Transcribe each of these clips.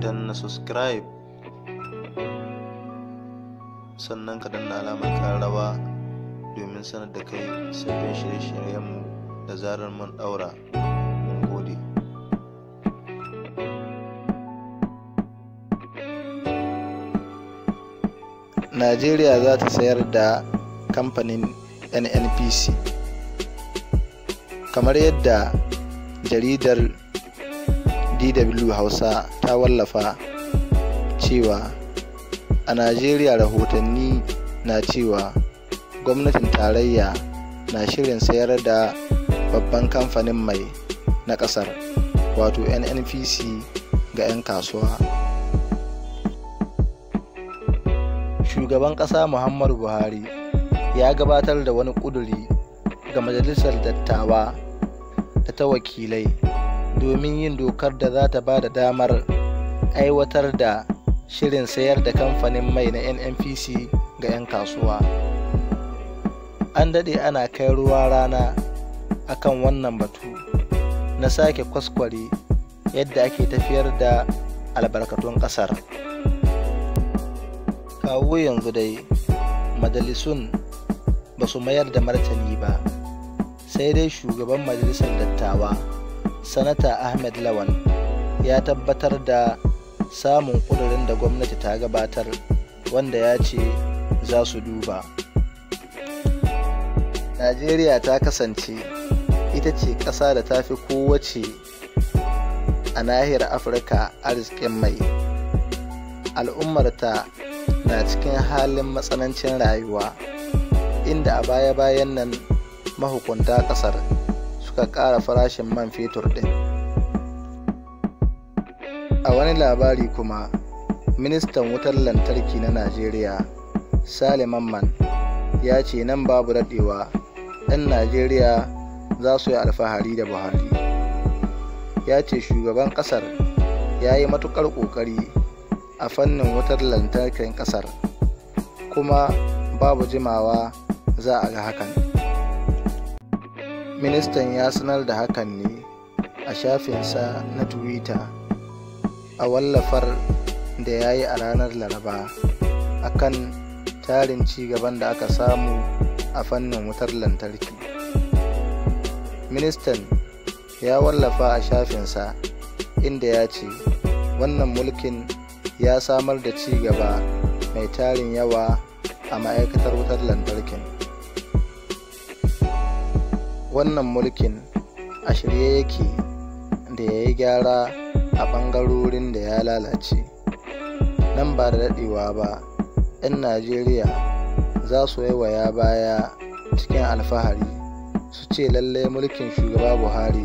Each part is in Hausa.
na subscribe sannan ka danna alamar rawa domin sanar da kai sabbin shirye-shiryenmu da zarar mun daura najeriya za ta sayar da kamfanin nnpc kamar yadda jaridar DW Hausa ta wallafa cewa a Najeriya rahotanni na cewa gwamnatin tarayya na shirin sayar da babban kamfanin mai na kasar wato NNPC ga 'yan kasuwa. Shugaban kasa Muhammadu Buhari ya gabatar da wani ƙuduri ga Majalisar Dattawa da ta wakilai domin yin dokar da za ta ba da damar aiwatar da shirin sayar da kamfanin mai na nnpc ga 'yan kasuwa an daɗe ana kai ruwa rana akan wannan batu na sake kwaskware yadda ake tafiyar da albarkatun ƙasar kawo yanzu dai majalisun ba su mayar da martani ba sai dai shugaban majalisar dattawa sanata ahmed Lawan ya tabbatar da samun ƙudurin da gwamnati ta gabatar wanda ya ce za su duba najeriya ta kasance ita ce ƙasa da ta fi kowace a nahiyar afirka arzikin mai al'ummarta na cikin halin matsanancin rayuwa inda a baya-bayan nan mahukunta ƙasar suka ƙara farashin man fetur ɗin a wani labari kuma ministan wutar lantarki na najeriya sale mamman ya ce nan babu daɗewa 'yan najeriya za su yi alfahari da buhari ya ce shugaban ƙasar ya yi matuƙar ƙoƙari a fannin wutar lantarkin ƙasar kuma babu jimawa za a ga hakan ministan ya sanar da hakan ne a shafinsa na twitter a wallafar da ya yi a ranar laraba akan tarin cigaban da aka samu a fannin wutar lantarki ministan ya wallafa a shafinsa inda ya ce wannan mulkin ya samar da ci gaba mai tarin yawa a ma'aikatar wutar lantarkin wannan mulkin a shirye yake da ya yi gyara a ɓangarorin da ya lalace nan ba da daɗewa ba 'yan najeriya za su waiwaya baya cikin alfahari su ce lallai mulkin shugaba buhari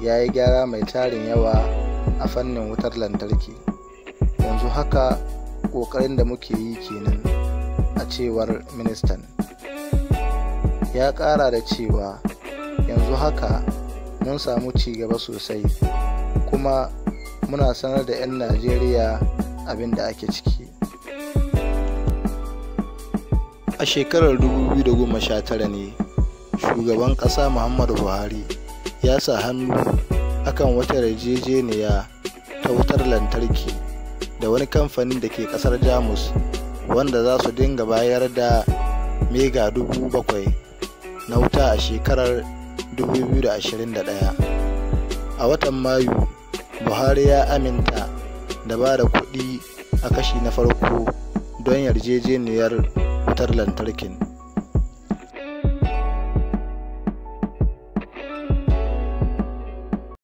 ya yi gyara mai tarin yawa a fannin wutar lantarki yanzu haka ƙoƙarin da muke yi kenan a cewar ministan ya ƙara da cewa yanzu haka mun samu ci gaba sosai kuma muna sanar da 'yan najeriya abin da ake ciki a shekarar 2019 ne shugaban ƙasa muhammadu buhari ya sa hannu akan wata yarjejeniya ta wutar lantarki da wani kamfanin da ke ƙasar jamus wanda za su dinga bayar da mega dubu bakwai na wuta a shekarar 2021 a watan mayu buhari ya aminta da ba da kudi a kashi na farko don yarjejeniyar wutar lantarkin